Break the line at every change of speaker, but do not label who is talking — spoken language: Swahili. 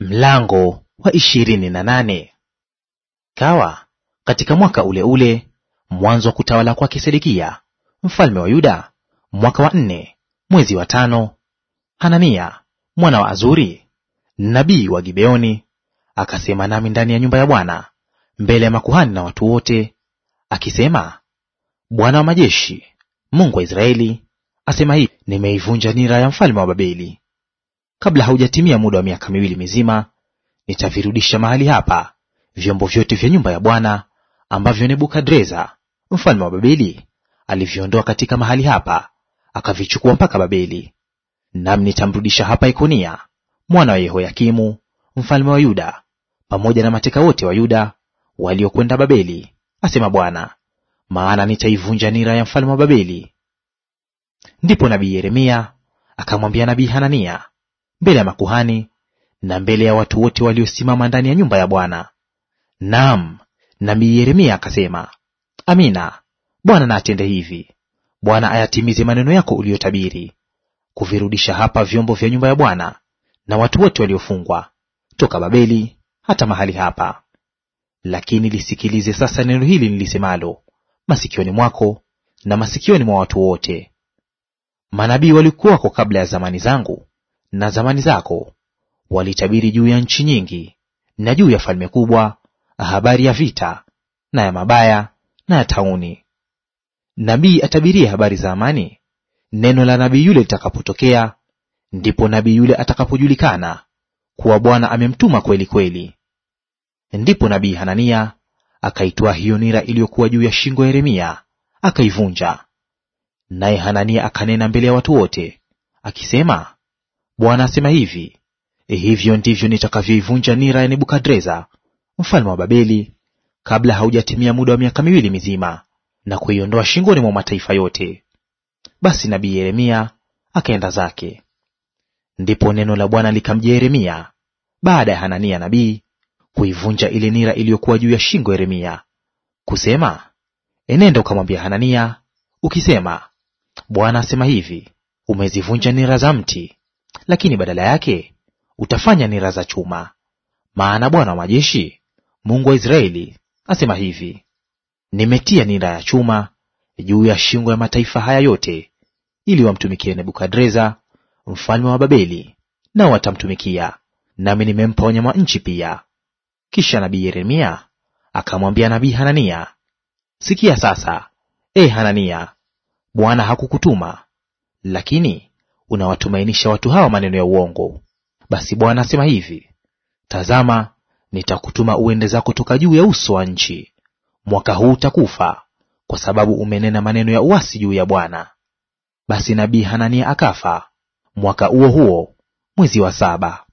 Mlango wa ishirini na nane. Kawa katika mwaka ule ule, mwanzo wa kutawala kwake Sedekia mfalme wa Yuda, mwaka wa nne, mwezi wa tano, Hanania mwana wa Azuri nabii wa Gibeoni akasema nami ndani ya nyumba ya Bwana mbele ya makuhani na watu wote, akisema, Bwana wa majeshi Mungu wa Israeli asema hii, nimeivunja nira ya mfalme wa Babeli kabla haujatimia muda wa miaka miwili mizima, nitavirudisha mahali hapa vyombo vyote vya nyumba ya Bwana ambavyo Nebukadreza mfalme wa Babeli alivyoondoa katika mahali hapa akavichukua mpaka Babeli. Nami nitamrudisha hapa Ikonia mwana wa Yehoyakimu mfalme wa Yuda pamoja na mateka wote wa Yuda waliokwenda Babeli, asema Bwana, maana nitaivunja nira ya mfalme wa Babeli. Ndipo nabii Yeremia akamwambia nabii Hanania mbele ya makuhani na mbele ya watu wote waliosimama ndani ya nyumba ya Bwana. Naam, nabii Yeremia akasema, Amina, Bwana na atende hivi. Bwana ayatimize maneno yako uliyotabiri, kuvirudisha hapa vyombo vya nyumba ya Bwana na watu wote waliofungwa toka Babeli hata mahali hapa. Lakini lisikilize sasa neno hili nilisemalo masikioni mwako na masikioni mwa watu wote. Manabii walikuwako kabla ya zamani zangu, na zamani zako walitabiri juu ya nchi nyingi na juu ya falme kubwa habari ya vita na ya mabaya na ya tauni. Nabii atabirie habari za amani, neno la nabii yule litakapotokea, ndipo nabii yule atakapojulikana kuwa Bwana amemtuma kweli kweli. Ndipo nabii Hanania akaitwa hiyo nira iliyokuwa juu ya shingo ya Yeremia akaivunja. Naye Hanania akanena mbele ya watu wote akisema, Bwana asema hivi, eh, hivyo ndivyo nitakavyoivunja nira ya Nebukadreza mfalme wa Babeli kabla haujatimia muda wa miaka miwili mizima, na kuiondoa shingoni mwa mataifa yote. Basi nabii Yeremia akaenda zake. Ndipo neno la Bwana likamjia Yeremia baada ya Hanania nabii kuivunja ile nira iliyokuwa juu ya shingo Yeremia, kusema, enenda ukamwambia Hanania ukisema, Bwana asema hivi, umezivunja nira za mti lakini badala yake utafanya nira za chuma. Maana Bwana wa majeshi, Mungu wa Israeli, asema hivi, nimetia nira ya chuma juu ya shingo ya mataifa haya yote, ili wamtumikie Nebukadreza mfalme wa Babeli, nao watamtumikia, nami nimempa wanyama nchi pia. Kisha nabii Yeremia akamwambia nabii Hanania, sikia sasa, e Hanania, Bwana hakukutuma, lakini unawatumainisha watu hawa maneno ya uongo. Basi Bwana asema hivi, tazama, nitakutuma uende zako toka juu ya uso wa nchi, mwaka huu utakufa, kwa sababu umenena maneno ya uasi juu ya Bwana. Basi nabii Hanania akafa mwaka huo huo mwezi wa saba.